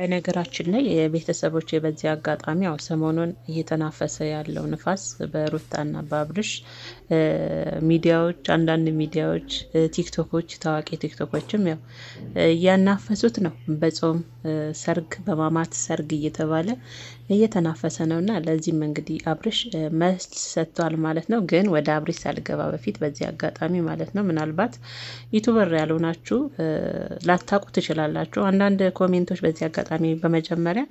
በነገራችን ላይ የቤተሰቦች በዚህ አጋጣሚ ያው ሰሞኑን እየተናፈሰ ያለው ንፋስ በሩታና በአብርሽ ሚዲያዎች፣ አንዳንድ ሚዲያዎች፣ ቲክቶኮች፣ ታዋቂ ቲክቶኮችም ያው እያናፈሱት ነው። በጾም ሰርግ፣ በማማት ሰርግ እየተባለ እየተናፈሰ ነው እና ለዚህም እንግዲህ አብርሽ መልስ ሰጥቷል ማለት ነው። ግን ወደ አብርሽ ሳልገባ በፊት በዚህ አጋጣሚ ማለት ነው ምናልባት ዩቱበር ያልሆናችሁ ላታውቁ ትችላላችሁ። አንዳንድ ኮሜንቶች በዚህ አጋጣሚ በመጀመሪያ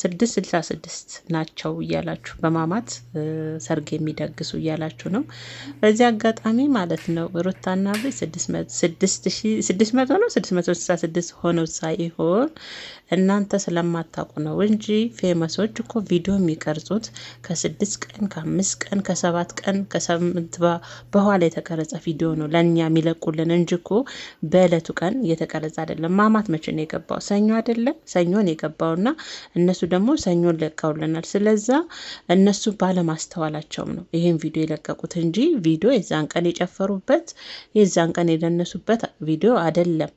ስድስት ስልሳ ስድስት ናቸው እያላችሁ በማማት ሰርግ የሚደግሱ እያላችሁ ነው። በዚህ አጋጣሚ ማለት ነው ሩታና ብ ስድስት መቶ ነው ስድስት መቶ ስልሳ ስድስት ሆነው ሳይሆን እናንተ ስለማታውቁ ነው እንጂ ፌመሶች እኮ ቪዲዮ የሚቀርጹት ከስድስት ቀን ከአምስት ቀን ከሰባት ቀን ከሰምንት በኋላ የተቀረጸ ቪዲዮ ነው ለእኛ የሚለቁልን እንጂ እኮ በእለቱ ቀን እየተቀረጸ አይደለም። ማማት መቼ ነው የገባው? ሰኞ አይደለም ሰኞን የገባውና እነሱ ደግሞ ሰኞን ለቀውልናል። ስለዛ እነሱ ባለማስተዋላቸውም ነው ይህን ቪዲዮ የለቀቁት እንጂ ቪዲዮ የዛን ቀን የጨፈሩበት የዛን ቀን የደነሱበት ቪዲዮ አይደለም።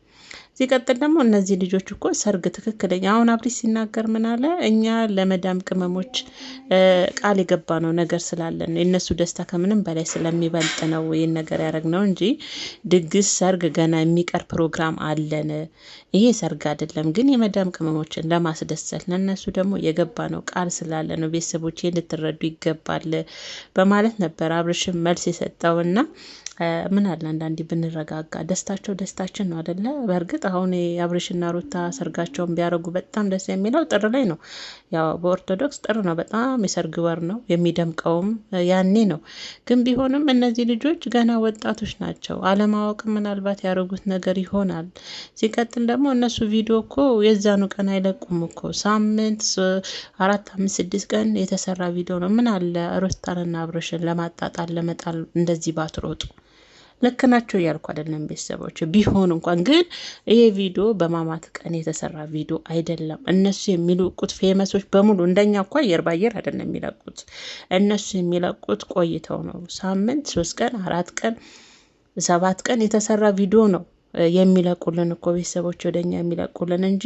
ሲቀጥል ደግሞ እነዚህ ልጆች እኮ ሰርግ ትክክለኛ አሁን አብሪ ሲናገር ምን አለ? እኛ ለመዳም ቅመሞች ቃል የገባነው ነገር ስላለን የእነሱ ደስታ ከምንም በላይ ስለሚበልጥ ነው ይህን ነገር ነው እንጂ ድግስ፣ ሰርግ ገና የሚቀር ፕሮግራም አለን። ይሄ ሰርግ አይደለም፣ ግን የመዳም ቅመሞችን ለማስደሰት ለእነሱ ደግሞ ነው ቃል ስላለ ነው። ቤተሰቦች ልትረዱ ይገባል በማለት ነበር አብርሽን መልስ የሰጠውና ምን አለ አንዳንዴ ብንረጋጋ፣ ደስታቸው ደስታችን ነው አደለ በእርግጥ አሁን የአብሬሽና ሩታ ሰርጋቸውን ቢያደርጉ በጣም ደስ የሚለው ጥር ላይ ነው። ያው በኦርቶዶክስ ጥር ነው በጣም የሰርግ ወር ነው፣ የሚደምቀውም ያኔ ነው። ግን ቢሆንም እነዚህ ልጆች ገና ወጣቶች ናቸው። አለማወቅ ምናልባት ያደረጉት ነገር ይሆናል። ሲቀጥል ደግሞ እነሱ ቪዲዮ እኮ የዛኑ ቀን አይለቁም እኮ ሳምንት አራት አምስት ስድስት ቀን የተሰራ ቪዲዮ ነው። ምን አለ ሩታንና አብርሽን ለማጣጣል ለመጣል እንደዚህ ባትሮጡ። ልክ ናቸው እያልኩ አይደለም ቤተሰቦች። ቢሆን እንኳን ግን ይሄ ቪዲዮ በማማት ቀን የተሰራ ቪዲዮ አይደለም። እነሱ የሚለቁት ፌመሶች በሙሉ እንደኛ እኳ አየር ባየር አይደለም የሚለቁት። እነሱ የሚለቁት ቆይተው ነው። ሳምንት ሶስት ቀን አራት ቀን ሰባት ቀን የተሰራ ቪዲዮ ነው የሚለቁልን እኮ ቤተሰቦች ወደኛ የሚለቁልን እንጂ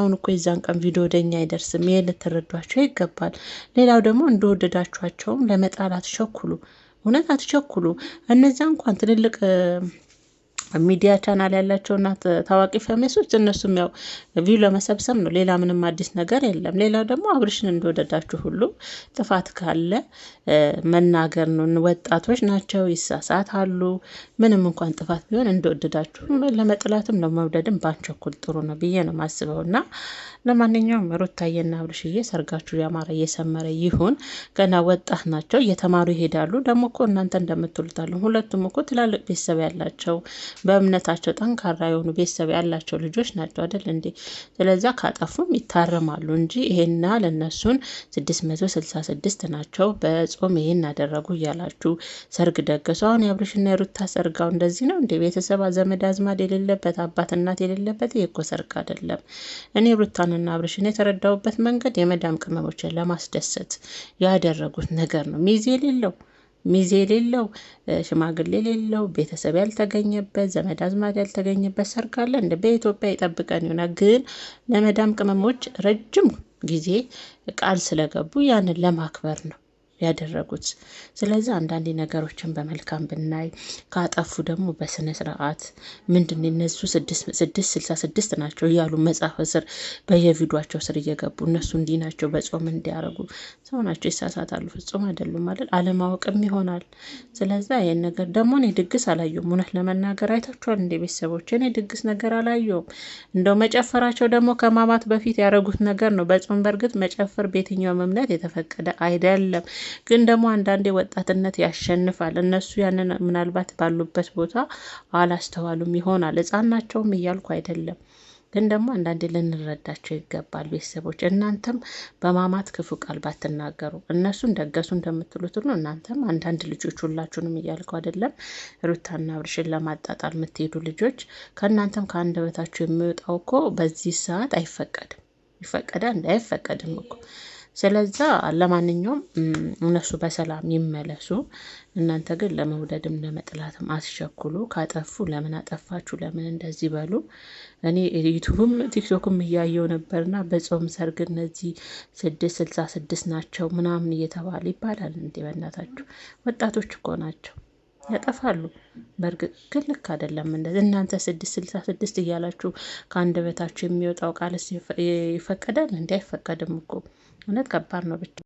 አሁን እኮ የዛን ቀን ቪዲዮ ወደኛ አይደርስም። ይሄ ልትረዷቸው ይገባል። ሌላው ደግሞ እንደወደዳችኋቸውም ለመጣላት ሸኩሉ። እውነት አትቸኩሉ። እነዛ እንኳን ትልልቅ ሚዲያ ቻናል ያላቸውና ታዋቂ ፌሜሶች እነሱም ያው ቪው ለመሰብሰብ ነው። ሌላ ምንም አዲስ ነገር የለም። ሌላው ደግሞ አብርሽን እንደወደዳችሁ ሁሉ ጥፋት ካለ መናገር ነው። ወጣቶች ናቸው፣ ይሳሳታሉ። ምንም እንኳን ጥፋት ቢሆን እንደወደዳችሁ ለመጥላትም ለመውደድም ባንቸኩል ጥሩ ነው ብዬ ነው ማስበው እና ለማንኛውም ሩታዬና አብርሽዬ ሰርጋችሁ ያማረ እየሰመረ ይሁን። ገና ወጣት ናቸው፣ እየተማሩ ይሄዳሉ። ደግሞ እኮ እናንተ እንደምትሉታለን ሁለቱም እኮ ትላልቅ ቤተሰብ ያላቸው በእምነታቸው ጠንካራ የሆኑ ቤተሰብ ያላቸው ልጆች ናቸው አይደል እንዴ? ስለዛ ካጠፉም ይታረማሉ እንጂ ይሄና ለእነሱን 666 ናቸው በጾም ይሄን አደረጉ እያላችሁ ሰርግ ደገሱ። አሁን የአብርሽና የሩታ ሰርጋው እንደዚህ ነው እንዴ? ቤተሰብ ዘመድ አዝማድ የሌለበት አባት እናት የሌለበት ይሄ እኮ ሰርግ አይደለም። እኔ ሩታንና አብርሽን የተረዳሁበት መንገድ የመዳም ቅመሞችን ለማስደሰት ያደረጉት ነገር ነው ሚዜ የሌለው ሚዜ የሌለው ሽማግሌ የሌለው ቤተሰብ ያልተገኘበት ዘመድ አዝማድ ያልተገኘበት ሰርግ አለ እንደ በኢትዮጵያ ይጠብቀን ይሆናል። ግን ለመዳም ቅመሞች ረጅም ጊዜ ቃል ስለገቡ ያንን ለማክበር ነው። ያደረጉት። ስለዚህ አንዳንድ ነገሮችን በመልካም ብናይ ካጠፉ ደግሞ በስነ ስርዓት ምንድን እነሱ ስድስት ስልሳ ስድስት ናቸው እያሉ መጽሐፈ ስር በየቪዲዮቸው ስር እየገቡ እነሱ እንዲህ ናቸው በጾም እንዲያረጉ ሰው ናቸው፣ ይሳሳታሉ። ፍጹም አይደሉም ማለት አለማወቅም ይሆናል። ስለዛ ይህን ነገር ደግሞ እኔ ድግስ አላየሁም። እውነት ለመናገር አይታችኋል እንደ ቤተሰቦች እኔ ድግስ ነገር አላየሁም። እንደው መጨፈራቸው ደግሞ ከማማት በፊት ያደረጉት ነገር ነው። በጾም በእርግጥ መጨፈር በየትኛውም እምነት የተፈቀደ አይደለም። ግን ደግሞ አንዳንዴ ወጣትነት ያሸንፋል። እነሱ ያንን ምናልባት ባሉበት ቦታ አላስተዋሉም ይሆናል። ሕፃን ናቸውም እያልኩ አይደለም። ግን ደግሞ አንዳንዴ ልንረዳቸው ይገባል። ቤተሰቦች እናንተም በማማት ክፉ ቃል ባትናገሩ እነሱ እንደገሱ እንደምትሉት ነው። እናንተም አንዳንድ ልጆች ሁላችሁንም እያልከው አይደለም። ሩታና አብርሽን ለማጣጣል የምትሄዱ ልጆች ከእናንተም ከአንደበታችሁ የሚወጣው እኮ በዚህ ሰዓት አይፈቀድም። ይፈቀዳል እንደ አይፈቀድም እኮ ስለዛ ለማንኛውም እነሱ በሰላም ይመለሱ። እናንተ ግን ለመውደድም ለመጥላትም አስቸኩሉ። ካጠፉ ለምን አጠፋችሁ፣ ለምን እንደዚህ በሉ። እኔ ዩቱብም ቲክቶክም እያየው ነበርና በጾም ሰርግ እነዚህ ስድስት ስልሳ ስድስት ናቸው ምናምን እየተባለ ይባላል። እንዴ በእናታችሁ ወጣቶች እኮ ናቸው ያጠፋሉ። በእርግጥ ግን ልክ አይደለም እንደዚህ። እናንተ ስድስት ስልሳ ስድስት እያላችሁ ከአንድ በታችሁ የሚወጣው ቃልስ ይፈቀዳል? እንዲ አይፈቀድም እኮ እውነት ከባድ ነው ብቻ